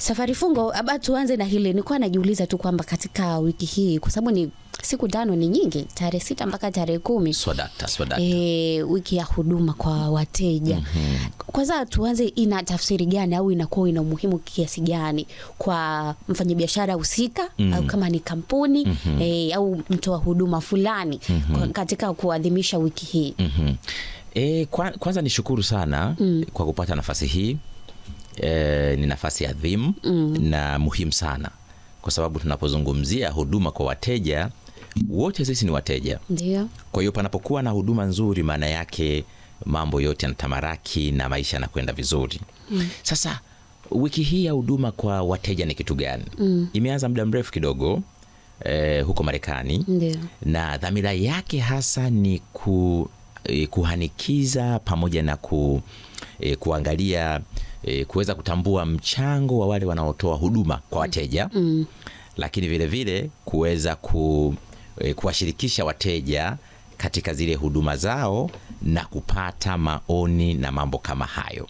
Safari Fungo, aba tuanze na hili. Nilikuwa najiuliza tu kwamba katika wiki hii kwa sababu ni siku tano ni nyingi, tarehe sita mpaka tarehe kumi. Swadakta, swadakta. E, wiki ya huduma kwa wateja mm -hmm. Kwanza tuanze, ina tafsiri gani au inakuwa ina umuhimu kiasi gani kwa mfanyabiashara husika mm -hmm. au kama ni kampuni mm -hmm. e, au mtoa huduma fulani mm -hmm. katika kuadhimisha wiki hii mm -hmm. E, kwanza nishukuru sana mm. kwa kupata nafasi hii Eh, ni nafasi adhimu mm. na muhimu sana kwa sababu tunapozungumzia huduma kwa wateja wote sisi ni wateja. Ndio. Kwa hiyo panapokuwa na huduma nzuri, maana yake mambo yote yanatamaraki na maisha yanakwenda vizuri mm. Sasa wiki hii ya huduma kwa wateja ni kitu gani? mm. Imeanza muda mrefu kidogo eh, huko Marekani. Na dhamira yake hasa ni ku, eh, kuhanikiza pamoja na ku, eh, kuangalia e, kuweza kutambua mchango wa wale wanaotoa huduma kwa mm. wateja mm. Lakini vilevile kuweza ku, e, kuwashirikisha wateja katika zile huduma zao na kupata maoni na mambo kama hayo.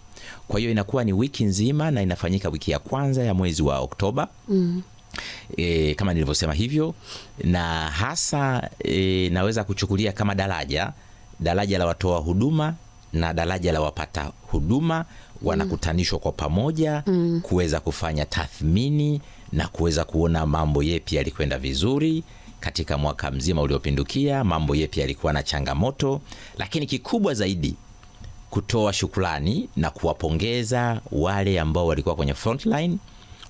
Kwa hiyo inakuwa ni wiki nzima na inafanyika wiki ya kwanza ya mwezi wa Oktoba mm. E, kama nilivyosema hivyo, na hasa e, naweza kuchukulia kama daraja daraja la watoa huduma na daraja la wapata huduma wanakutanishwa kwa pamoja mm. mm. kuweza kufanya tathmini na kuweza kuona mambo yepi yalikwenda vizuri katika mwaka mzima uliopindukia, mambo yepi yalikuwa na changamoto, lakini kikubwa zaidi kutoa shukrani na kuwapongeza wale ambao walikuwa kwenye frontline,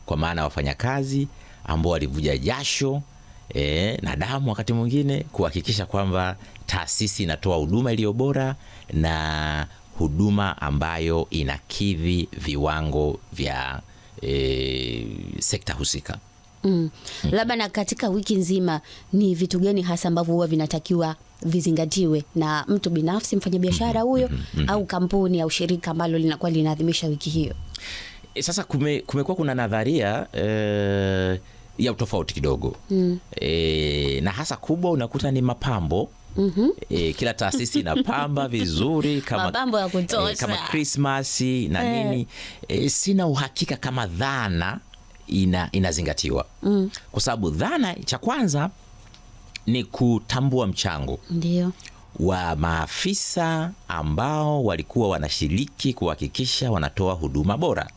kwa maana wafanyakazi ambao walivuja jasho e, na damu wakati mwingine kuhakikisha kwamba taasisi inatoa huduma iliyo bora na huduma ambayo inakidhi viwango vya e, sekta husika. Mm. Mm. Labda na katika wiki nzima ni vitu gani hasa ambavyo huwa vinatakiwa vizingatiwe na mtu binafsi mfanyabiashara huyo mm mm au kampuni au shirika ambalo linakuwa linaadhimisha wiki hiyo? E, sasa kume, kumekuwa kuna nadharia e, ya utofauti kidogo mm. E, na hasa kubwa unakuta ni mapambo mm -hmm. E, kila taasisi inapamba vizuri kama, mapambo ya e, kutosha e, kama Christmas na hey. Eh. nini e, sina uhakika kama dhana ina, inazingatiwa mm. kwa sababu dhana cha kwanza ni kutambua mchango ndio wa maafisa ambao walikuwa wanashiriki kuhakikisha wanatoa huduma bora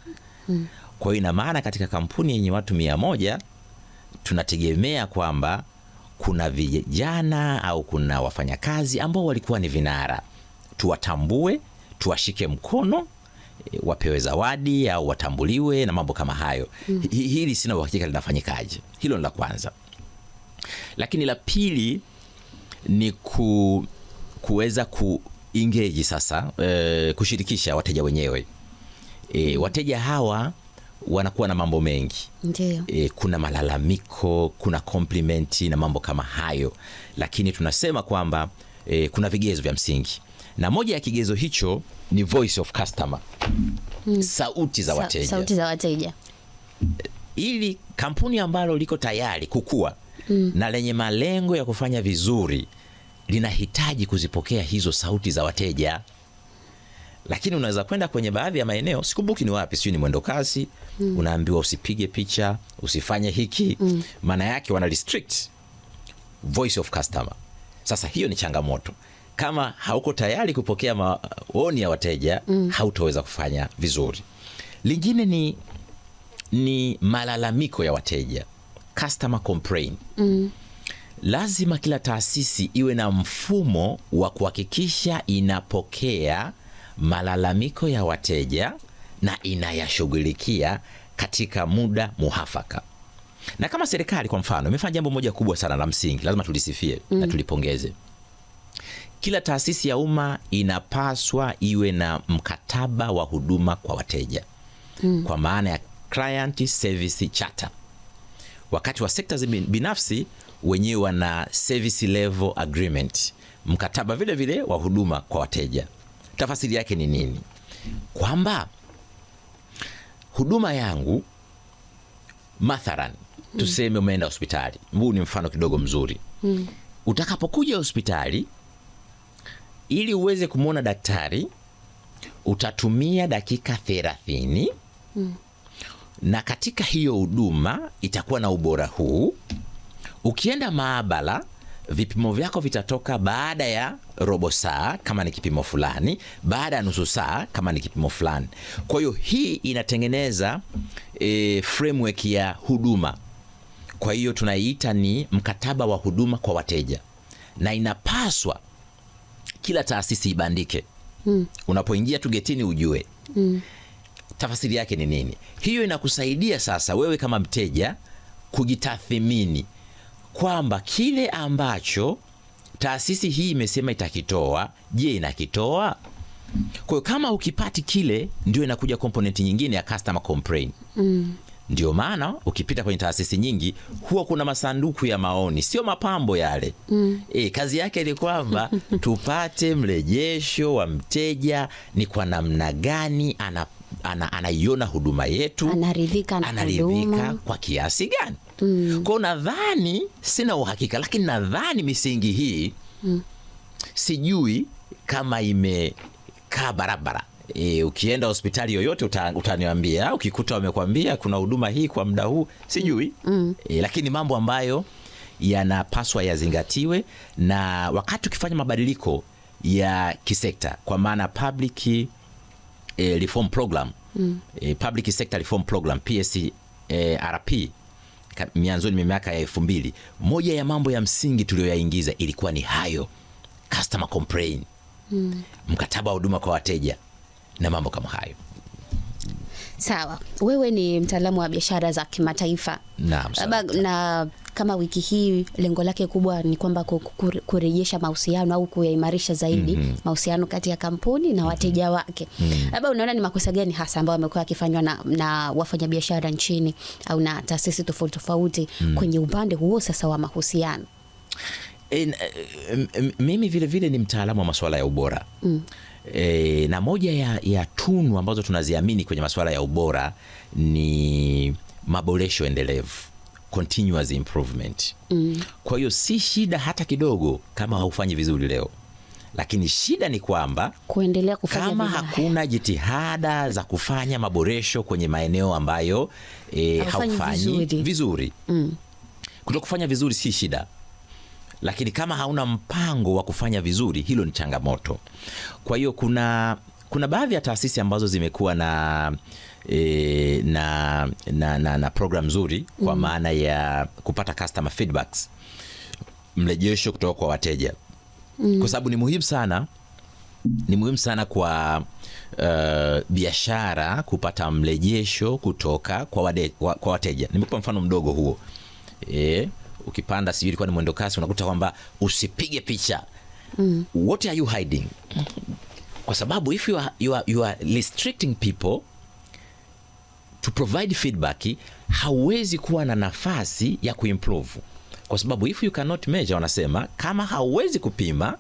mm. Kwa hiyo ina maana katika kampuni yenye watu mia moja tunategemea kwamba kuna vijana au kuna wafanyakazi ambao walikuwa ni vinara, tuwatambue, tuwashike mkono, e, wapewe zawadi au watambuliwe na mambo kama hayo. Mm. Hili sina uhakika linafanyikaje. Hilo ni la kwanza, lakini la pili ni ku, kuweza ku sasa, e, kushirikisha wateja wenyewe. E, wateja hawa wanakuwa na mambo mengi E, kuna malalamiko, kuna komplimenti na mambo kama hayo, lakini tunasema kwamba e, kuna vigezo vya msingi na moja ya kigezo hicho ni voice of customer hmm. Sauti za wateja, sauti za wateja ili kampuni ambalo liko tayari kukua mm. na lenye malengo ya kufanya vizuri linahitaji kuzipokea hizo sauti za wateja lakini unaweza kwenda kwenye baadhi ya maeneo, sikumbuki ni wapi, sijui ni mwendo kasi mm. unaambiwa usipige picha, usifanye hiki mm. maana yake wana restrict voice of customer. Sasa hiyo ni changamoto kama hauko tayari kupokea maoni ya wateja mm. hautaweza kufanya vizuri. Lingine ni, ni malalamiko ya wateja customer mm. Lazima kila taasisi iwe na mfumo wa kuhakikisha inapokea malalamiko ya wateja na inayashughulikia katika muda muhafaka Na kama serikali kwa mfano imefanya jambo moja kubwa sana la msingi, lazima tulisifie mm. na tulipongeze. Kila taasisi ya umma inapaswa iwe na mkataba wa huduma kwa wateja mm. kwa maana ya client service charter. Wakati wa sekta binafsi wenyewe wana service level agreement, mkataba vile vile wa huduma kwa wateja. Tafasiri yake ni nini? Kwamba huduma yangu mathalan, mm. tuseme umeenda hospitali, huu ni mfano kidogo mzuri mm. utakapokuja hospitali ili uweze kumwona daktari utatumia dakika thelathini mm. na katika hiyo huduma itakuwa na ubora huu. Ukienda maabara vipimo vyako vitatoka baada ya robo saa kama ni kipimo fulani, baada ya nusu saa kama ni kipimo fulani. Kwa hiyo hii inatengeneza e, framework ya huduma. Kwa hiyo tunaiita ni mkataba wa huduma kwa wateja, na inapaswa kila taasisi ibandike. hmm. Unapoingia tu getini ujue hmm. tafasiri yake ni nini. Hiyo inakusaidia sasa wewe kama mteja kujitathimini kwamba kile ambacho taasisi hii imesema itakitoa, je, inakitoa? Kwa hiyo kama ukipati kile, ndio inakuja komponenti nyingine ya customer complaint mm. Ndio maana ukipita kwenye taasisi nyingi huwa kuna masanduku ya maoni, sio mapambo yale mm. E, kazi yake ni kwamba tupate mrejesho wa mteja, ni kwa namna gani anaiona ana, ana huduma yetu, anaridhika, anaridhika kwa kiasi gani mm. Kwao nadhani, sina uhakika, lakini nadhani misingi hii mm. sijui kama imekaa barabara. E, ukienda hospitali yoyote utaniambia, ukikuta wamekwambia kuna huduma hii kwa muda huu, sijui mm. Mm. E, lakini mambo ambayo yanapaswa yazingatiwe na wakati ukifanya mabadiliko ya kisekta kwa maana public e, reform program mm. e, public sector reform program mianzoni mwa miaka ya elfu mbili, moja ya mambo ya msingi tuliyoyaingiza ilikuwa ni hayo customer complain mm. mkataba wa huduma kwa wateja na mambo kama hayo. Sawa, wewe ni mtaalamu wa biashara za kimataifa. Naam, na kama wiki hii lengo lake kubwa ni kwamba kurejesha mahusiano au kuyaimarisha zaidi mm -hmm. mahusiano kati ya kampuni na wateja mhm. wake mhm. labda mm -hmm. unaona ni makosa gani hasa ambayo yamekuwa yakifanywa na, na wafanyabiashara nchini au na taasisi tofauti tofauti mm -hmm. kwenye upande huo sasa wa mahusiano? In, eh, eh, mimi vile vile ni mtaalamu wa masuala ya ubora mm. E, na moja ya, ya tunu ambazo tunaziamini kwenye masuala ya ubora ni maboresho endelevu continuous improvement mm. Kwa hiyo si shida hata kidogo kama haufanyi vizuri leo, lakini shida ni kwamba kuendelea kufanya kama Hakuna jitihada za kufanya maboresho kwenye maeneo ambayo e, haufanyi vizuri, vizuri. Mm. Kutokufanya vizuri si shida lakini kama hauna mpango wa kufanya vizuri, hilo ni changamoto. Kwa hiyo kuna, kuna baadhi ya taasisi ambazo zimekuwa na e, na, na, na, na program nzuri kwa mm. maana ya kupata customer feedbacks, mrejesho kutoka kwa wateja mm. kwa sababu ni muhimu sana ni muhimu sana kwa uh, biashara kupata mrejesho kutoka kwa, wade, kwa, kwa wateja. Nimekupa mfano mdogo huo e, ukipanda sijui ilikuwa ni mwendo kasi, unakuta kwamba usipige picha mm. What are you hiding? Kwa sababu if you are, you are, you are restricting people to provide feedback, hauwezi kuwa na nafasi ya kuimprove, kwa sababu if you cannot measure, wanasema kama hauwezi kupima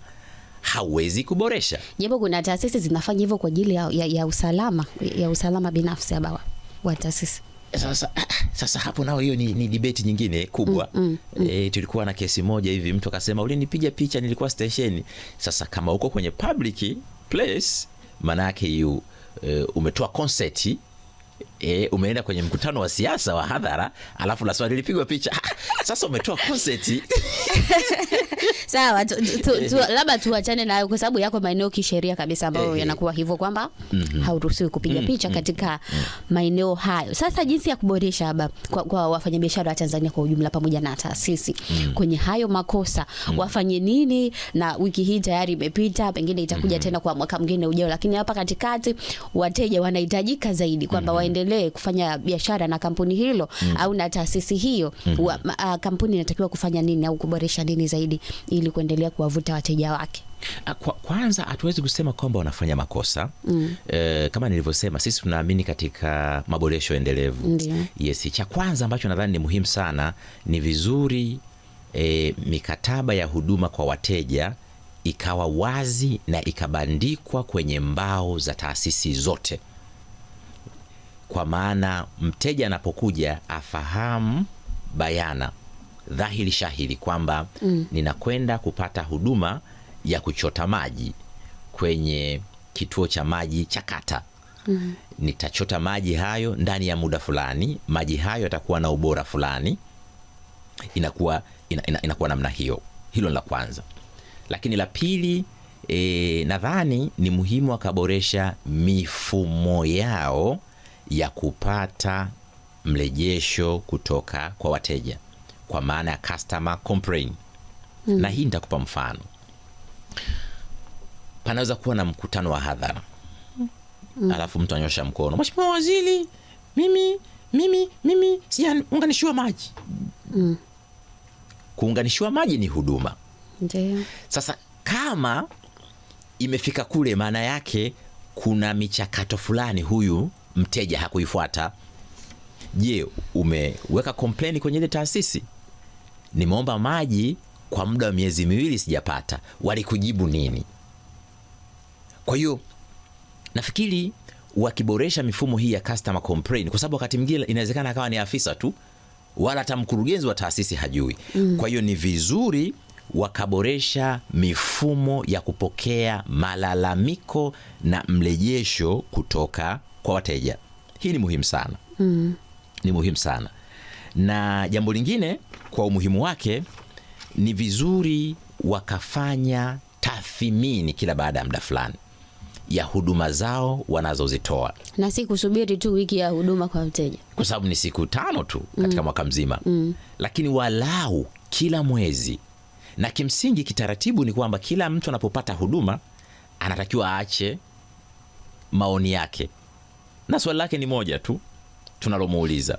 hauwezi kuboresha. Japo kuna taasisi zinafanya hivyo kwa ajili ya, ya, ya usalama ya usalama binafsi abawa wa taasisi sasa, sasa hapo nao hiyo ni, ni debate nyingine kubwa mm, mm, mm. E, tulikuwa na kesi moja hivi mtu akasema ulinipiga picha nilikuwa stesheni. Sasa kama uko kwenye public place maana yake uh, eh, umetoa concert e, umeenda kwenye mkutano wa siasa wa hadhara alafu la swali lilipigwa picha. Sasa umetoa konseti sawa, labda tuachane nayo kwa sababu yako maeneo kisheria kabisa ambayo eh. yanakuwa hivyo kwamba mm -hmm. hauruhusiwi kupiga mm -hmm. picha mm, katika mm -hmm. maeneo hayo. Sasa jinsi ya kuboresha haba kwa, kwa wafanyabiashara wa Tanzania kwa ujumla pamoja na taasisi mm -hmm. kwenye hayo makosa mm -hmm. wafanye nini? Na wiki hii tayari imepita, pengine itakuja mm -hmm. tena kwa mwaka mwingine ujao, lakini hapa katikati wateja wanahitajika zaidi kwamba mm -hmm. waendelee vile kufanya biashara na kampuni hilo mm. au na taasisi hiyo mm -hmm. wa, a, kampuni inatakiwa kufanya nini au kuboresha nini zaidi ili kuendelea kuwavuta wateja wake? Kwa, kwanza hatuwezi kusema kwamba wanafanya makosa mm. E, kama nilivyosema sisi tunaamini katika maboresho endelevu mm. Yes, cha kwanza ambacho nadhani ni muhimu sana ni vizuri e, mikataba ya huduma kwa wateja ikawa wazi na ikabandikwa kwenye mbao za taasisi zote kwa maana mteja anapokuja afahamu bayana dhahiri shahiri kwamba mm. ninakwenda kupata huduma ya kuchota maji kwenye kituo cha maji cha kata mm. Nitachota maji hayo ndani ya muda fulani, maji hayo yatakuwa na ubora fulani. Inakuwa ina, ina, inakuwa namna hiyo. Hilo ni la kwanza, lakini la pili e, nadhani ni muhimu akaboresha mifumo yao ya kupata mrejesho kutoka kwa wateja, kwa maana ya customer complaint. Mm. Na hii nitakupa mfano. Panaweza kuwa na mkutano wa hadhara mm. Alafu mtu anyosha mkono, Mheshimiwa Waziri, mimi mimi mimi sijaunganishiwa maji mm. Kuunganishiwa maji ni huduma. Ndiyo. Sasa kama imefika kule, maana yake kuna michakato fulani huyu mteja hakuifuata, je, umeweka kompleni kwenye ile taasisi? Nimeomba maji kwa muda wa miezi miwili sijapata, walikujibu nini? Kwa hiyo nafikiri wakiboresha mifumo hii ya customer complaint, kwa sababu wakati mwingine inawezekana akawa ni afisa tu wala hata mkurugenzi wa taasisi hajui. Mm. Kwa hiyo ni vizuri wakaboresha mifumo ya kupokea malalamiko na mrejesho kutoka kwa wateja. Hii ni muhimu sana mm. Ni muhimu sana na jambo lingine kwa umuhimu wake, ni vizuri wakafanya tathmini kila baada ya muda fulani ya huduma zao wanazozitoa na si kusubiri tu wiki ya huduma kwa mteja, kwa sababu ni siku tano tu katika mm. mwaka mzima mm. Lakini walau kila mwezi, na kimsingi kitaratibu ni kwamba kila mtu anapopata huduma anatakiwa aache maoni yake na swali lake ni moja tu tunalomuuliza: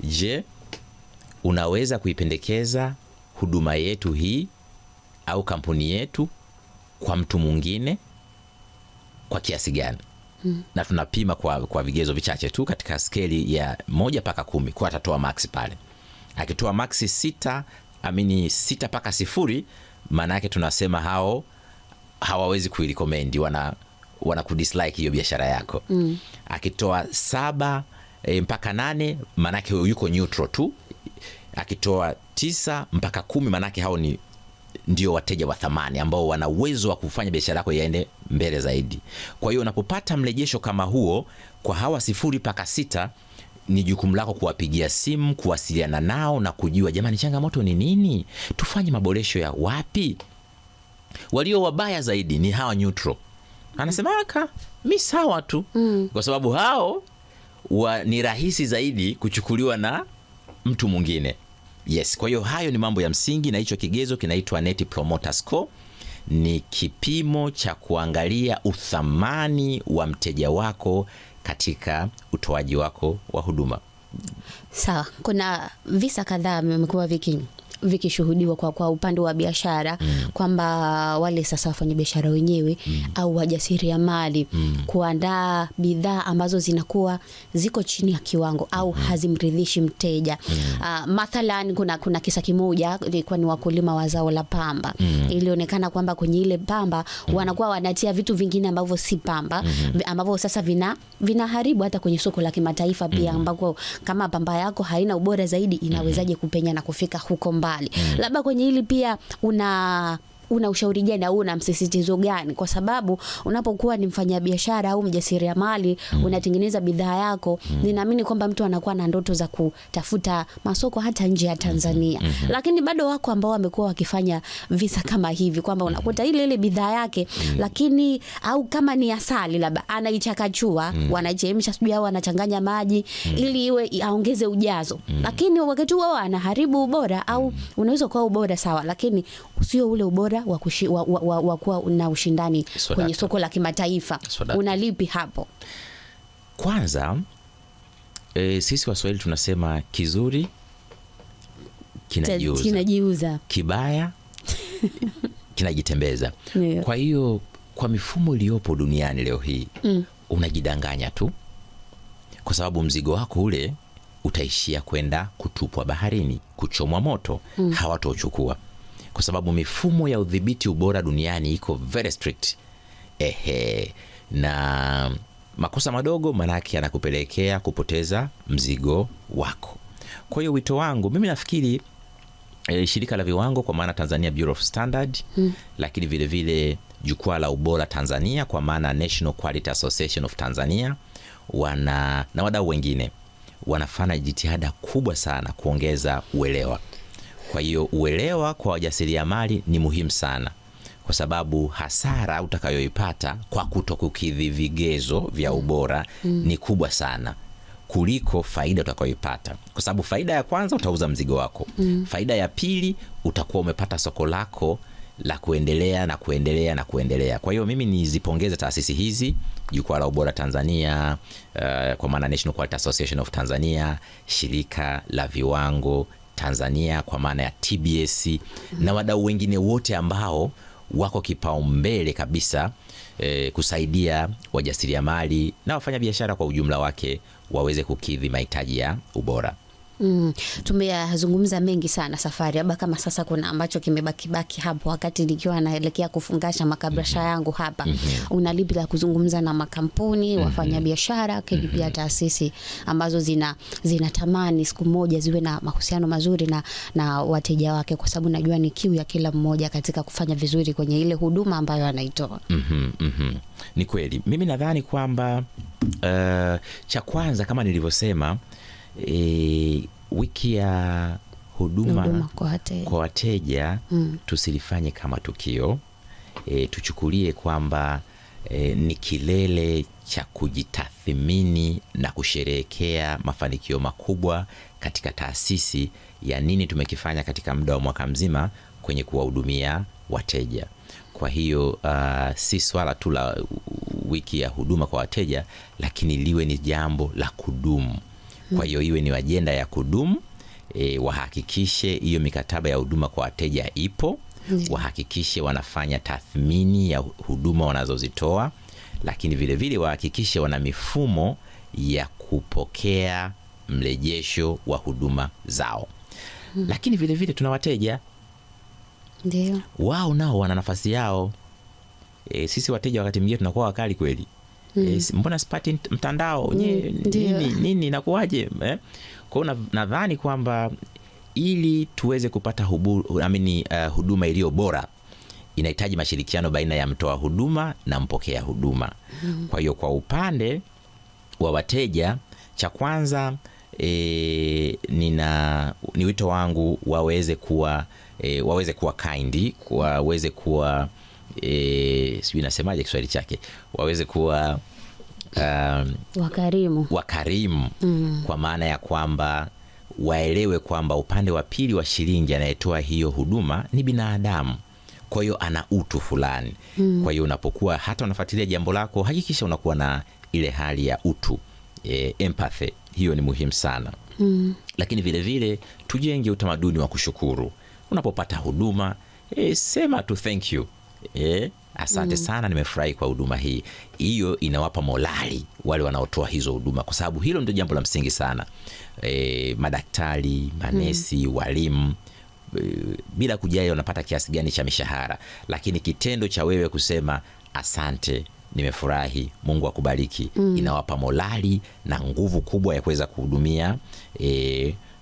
Je, unaweza kuipendekeza huduma yetu hii au kampuni yetu kwa mtu mwingine kwa kiasi gani? Hmm. Na tunapima kwa, kwa vigezo vichache tu katika skeli ya moja mpaka kumi kwa atatoa max pale. Akitoa max sita amini sita mpaka sifuri, maana yake tunasema hao hawawezi kuirikomendi wana wanakudislike hiyo biashara yako mm. Akitoa saba e, mpaka nane maanake yuko neutral tu. Akitoa tisa mpaka kumi maanake hao ni ndio wateja wa thamani ambao wana uwezo wa kufanya biashara yako yaende mbele zaidi. Kwa hiyo unapopata mrejesho kama huo kwa hawa sifuri mpaka sita, ni jukumu lako kuwapigia simu, kuwasiliana nao na kujua jamani, changamoto ni nini, tufanye maboresho ya wapi. Walio wabaya zaidi ni hawa neutral anasema aka mi sawa tu mm. kwa sababu hao wa, ni rahisi zaidi kuchukuliwa na mtu mwingine. Yes, kwa hiyo hayo ni mambo ya msingi, na hicho kigezo kinaitwa Net Promoter Score. Ni kipimo cha kuangalia uthamani wa mteja wako katika utoaji wako wa huduma. Sawa, kuna visa kadhaa vimekuwa viki vikishuhudiwa kwa, kwa upande wa biashara mm. kwamba wale sasa wafanya biashara wenyewe mm. au wajasiriamali mm. kuandaa bidhaa ambazo zinakuwa ziko chini ya kiwango au mm. hazimridhishi mteja mm. Uh, mathalan kuna, kuna kisa kimoja ilikuwa ni wakulima wa zao la pamba mm. ilionekana kwamba kwenye ile pamba mm. wanakuwa wanatia vitu vingine ambavyo si pamba mm. ambavyo sasa vina vinaharibu hata kwenye soko la kimataifa pia, mm. ambako kama pamba yako haina ubora zaidi, inawezaje mm-hmm. kupenya na kufika huko mbali? mbali mm. Labda kwenye hili pia una una ushauri gani au una msisitizo gani? Kwa sababu unapokuwa ni mfanyabiashara au mjasiriamali mm. unatengeneza bidhaa yako mm. ninaamini kwamba mtu anakuwa na ndoto za kutafuta masoko hata nje ya mm-hmm. Tanzania mm -hmm. lakini bado wako ambao wamekuwa wakifanya visa kama hivi kwamba mm-hmm. unakuta ile ile bidhaa yake mm. lakini au kama ni asali labda anaichakachua mm. wanachemsha sijui au anachanganya maji mm. ili iwe aongeze ujazo mm. lakini wakati huo anaharibu ubora au mm. unaweza kuwa ubora sawa, lakini sio ule ubora wa, wa, wa, wa, wa kuwa na ushindani so kwenye soko la kimataifa unalipi hapo? Kwanza e, sisi Waswahili tunasema kizuri kinajiuza, kibaya kinajitembeza. Kwa hiyo kwa mifumo iliyopo duniani leo hii mm. unajidanganya tu, kwa sababu mzigo wako ule utaishia kwenda kutupwa baharini, kuchomwa moto mm. hawatochukua kwa sababu mifumo ya udhibiti ubora duniani iko very strict. Ehe, na makosa madogo manake yanakupelekea kupoteza mzigo wako. Kwa hiyo wito wangu mimi nafikiri e, shirika la viwango kwa maana Tanzania Bureau of Standard hmm. Lakini vilevile jukwaa la ubora Tanzania kwa maana National Quality Association of Tanzania wana na wadau wengine wanafanya jitihada kubwa sana kuongeza uelewa kwa hiyo uelewa kwa wajasiriamali ni muhimu sana, kwa sababu hasara utakayoipata kwa kutokukidhi vigezo vya ubora mm. ni kubwa sana kuliko faida utakayoipata, kwa sababu faida ya kwanza utauza mzigo wako mm. faida ya pili utakuwa umepata soko lako la kuendelea na kuendelea na kuendelea. Kwa hiyo mimi nizipongeze taasisi hizi, Jukwaa la Ubora Tanzania, uh, kwa maana National Quality Association of Tanzania, Shirika la Viwango Tanzania kwa maana ya TBS mm -hmm. na wadau wengine wote ambao wako kipaumbele kabisa e, kusaidia wajasiriamali na wafanyabiashara kwa ujumla wake waweze kukidhi mahitaji ya ubora. Mm, tumeyazungumza mengi sana safari, labda kama sasa kuna ambacho kimebakibaki hapo, wakati nikiwa naelekea kufungasha makabrasha mhm. yangu hapa mm -hmm. una lipi la kuzungumza na makampuni mm -hmm. wafanyabiashara, lakini mhm. pia taasisi ambazo zina zinatamani siku moja ziwe na mahusiano mazuri na, na wateja wake, kwa sababu najua ni kiu ya kila mmoja katika kufanya vizuri kwenye ile huduma ambayo anaitoa mm -hmm, mm -hmm. Ni kweli mimi nadhani kwamba uh, cha kwanza kama nilivyosema e, wiki ya huduma, huduma kwa wateja, kwa wateja mm. tusilifanye kama tukio e, tuchukulie kwamba e, ni kilele cha kujitathmini na kusherehekea mafanikio makubwa katika taasisi ya nini tumekifanya katika muda wa mwaka mzima kwenye kuwahudumia wateja. Kwa hiyo uh, si swala tu la wiki ya huduma kwa wateja, lakini liwe ni jambo la kudumu. Kwa hiyo iwe ni ajenda ya kudumu e, wahakikishe hiyo mikataba ya huduma kwa wateja ipo yeah. Wahakikishe wanafanya tathmini ya huduma wanazozitoa, lakini vilevile wahakikishe wana mifumo ya kupokea mrejesho wa huduma zao hmm. Lakini vilevile vile tuna wateja ndio wao nao wana nafasi yao. E, sisi wateja wakati mwingine tunakuwa wakali kweli mm. E, mbona sipati mtandao mm, nini, nini nakuwaje eh? Kwa nadhani kwamba ili tuweze kupata hubu, amini, uh, eh, huduma iliyo bora inahitaji mashirikiano baina ya mtoa huduma na mpokea huduma mm. Kwa hiyo kwa upande wa wateja, cha kwanza e, nina ni wito wangu waweze kuwa e, waweze kuwa kindi waweze kuwa e, sijui nasemaje Kiswahili chake, waweze kuwa um, wakarimu, wakarimu mm. kwa maana ya kwamba waelewe kwamba upande wa pili wa shilingi anayetoa hiyo huduma ni binadamu, kwa hiyo ana utu fulani mm. kwa hiyo unapokuwa hata unafuatilia jambo lako, hakikisha unakuwa na ile hali ya utu e, empath Hiyo ni muhimu sana mm. Lakini vilevile tujenge utamaduni wa kushukuru unapopata huduma e, sema tu thank you eh, asante mm. sana, nimefurahi kwa huduma hii. Hiyo inawapa morali wale wanaotoa hizo huduma, kwa sababu hilo ndio jambo la msingi sana. E, madaktari, manesi mm. walimu eh, bila kujali wanapata kiasi gani cha mishahara, lakini kitendo cha wewe kusema asante, nimefurahi, Mungu akubariki mm. inawapa morali na nguvu kubwa ya kuweza kuhudumia e,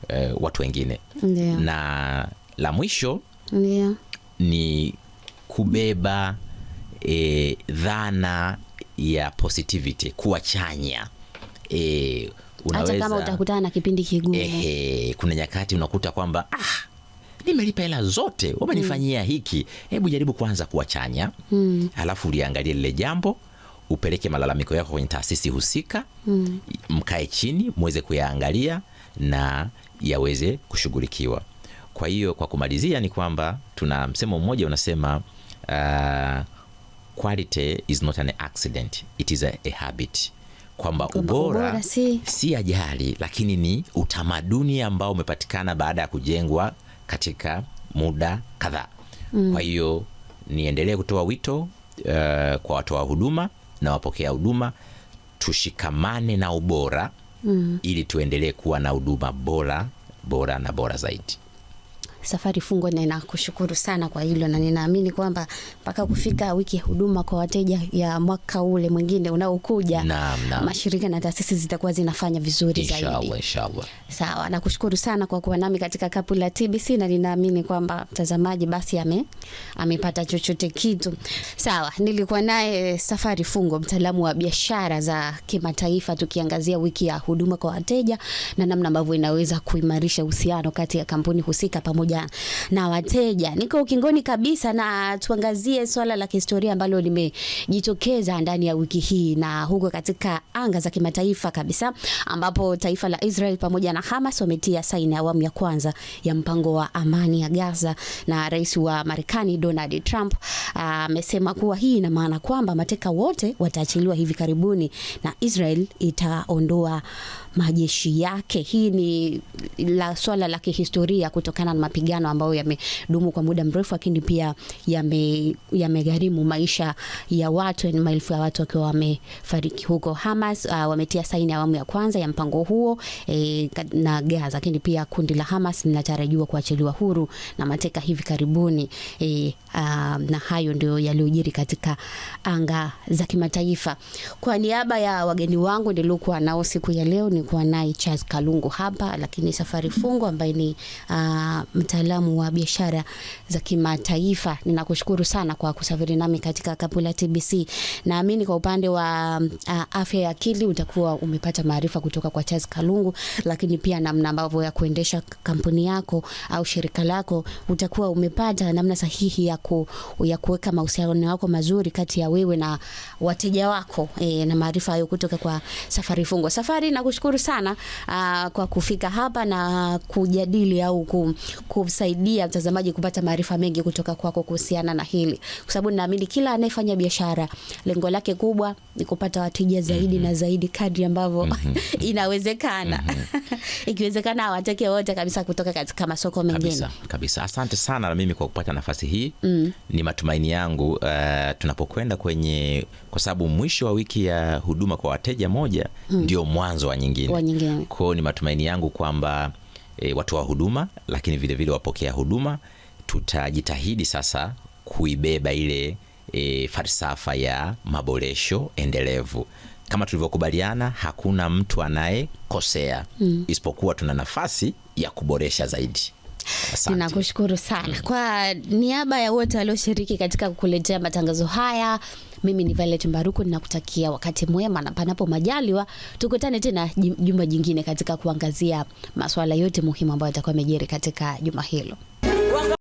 e, watu wengine yeah. na la mwisho yeah. ni kubeba e, dhana ya positivity kuwa chanya e, unaweza kama utakutana na kipindi kigumu. e, kuna nyakati unakuta kwamba ah, nimelipa hela zote wamenifanyia mm. hiki. Hebu jaribu kwanza kuwa chanya mm. alafu uliangalie lile jambo upeleke malalamiko yako kwenye taasisi husika mm. mkae chini muweze kuyaangalia na yaweze kushughulikiwa. Kwa hiyo kwa kumalizia, ni kwamba tuna msemo mmoja unasema uh, quality is not an accident, it is a, a habit kwamba ubora, ubora si, si ajali lakini ni utamaduni ambao umepatikana baada ya kujengwa katika muda kadhaa. Mm. Kwa hiyo niendelee kutoa wito uh, kwa watoa huduma na wapokea huduma tushikamane na ubora mm. ili tuendelee kuwa na huduma bora bora na bora zaidi. Safari na nakushukuru sana kwa hilo, na ninaamini kwamba mpaka kufika wiki ya huduma kwa wateja ya mwaka ule mwingine unaokuja, mashirika na taasisi zitakuwa zinafanya vizuri zaidi inshallah. Sawa, nakushukuru sana kwa kuwa nami katika kapu la TBC, na ninaamini kwamba mtazamaji basi ame amepata chochote kitu. Sawa, nilikuwa naye Safari Fungo, mtaalamu wa biashara za kimataifa, tukiangazia wiki ya huduma kwa wateja na namna ambavyo inaweza kuimarisha uhusiano kati ya kampuni husika pamoja pamoja na wateja. Niko ukingoni kabisa, na tuangazie swala la kihistoria ambalo limejitokeza ndani ya wiki hii na huko katika anga za kimataifa kabisa, ambapo taifa la Israel pamoja na Hamas wametia saini awamu ya kwanza ya mpango wa amani ya Gaza, na rais wa Marekani Donald Trump ah, amesema kuwa hii ina maana kwamba mateka wote wataachiliwa hivi karibuni na Israel itaondoa majeshi yake. Hii ni la swala la kihistoria kutokana na mapigano ambayo yamedumu kwa muda mrefu, lakini pia yamegharimu yame maisha ya watu, yaani maelfu ya watu wakiwa wamefariki huko. Hamas uh, wametia saini awamu ya kwanza ya mpango huo e, na Gaza, lakini pia kundi la Hamas linatarajiwa kuachiliwa huru na mateka hivi karibuni e, uh, na hayo ndio yaliyojiri katika anga za kimataifa. Kwa niaba ya wageni wangu niliokuwa nao siku ya leo, ni nilikuwa naye Charles Kalungu hapa, lakini Safari Fungo ambaye ni uh, mtaalamu wa biashara za kimataifa. Ninakushukuru sana kwa kusafiri nami katika Kapula TBC. Naamini kwa upande wa uh, afya ya akili utakuwa umepata maarifa kutoka kwa Charles Kalungu, lakini pia namna ambavyo ya kuendesha kampuni yako au shirika lako utakuwa umepata namna sahihi ya ku, ya kuweka mahusiano yako mazuri kati ya wewe na wateja wako e, na maarifa hayo kutoka kwa Safari Fungo. Safari, nakushukuru sana a, kwa kufika hapa na kujadili au kum, kumsaidia mtazamaji kupata maarifa mengi kutoka kwako kuhusiana na hili, kwa sababu naamini kila anayefanya biashara lengo lake kubwa ni kupata wateja zaidi mm -hmm. na mhm. zaidi kadri ambavyo mm -hmm. inawezekana mm -hmm. ikiwezekana awatake wote kabisa kutoka katika masoko mengine kabisa, kabisa. Asante sana na mimi kwa kupata nafasi hii mm. Mm. Ni matumaini yangu uh, tunapokwenda kwenye, kwa sababu mwisho wa wiki ya huduma kwa wateja moja mm. ndio mwanzo wa nyingine, wa nyingine. ni matumaini yangu kwamba e, watu wa huduma lakini vilevile wapokea huduma tutajitahidi sasa kuibeba ile e, falsafa ya maboresho endelevu kama tulivyokubaliana, hakuna mtu anayekosea mm. isipokuwa tuna nafasi ya kuboresha zaidi. Ninakushukuru sana kwa niaba ya wote walioshiriki katika kukuletea matangazo haya. Mimi ni Violet Mbaruku, ninakutakia wakati mwema, na panapo majaliwa tukutane tena juma jingine katika kuangazia masuala yote muhimu ambayo yatakuwa yamejiri katika juma hilo.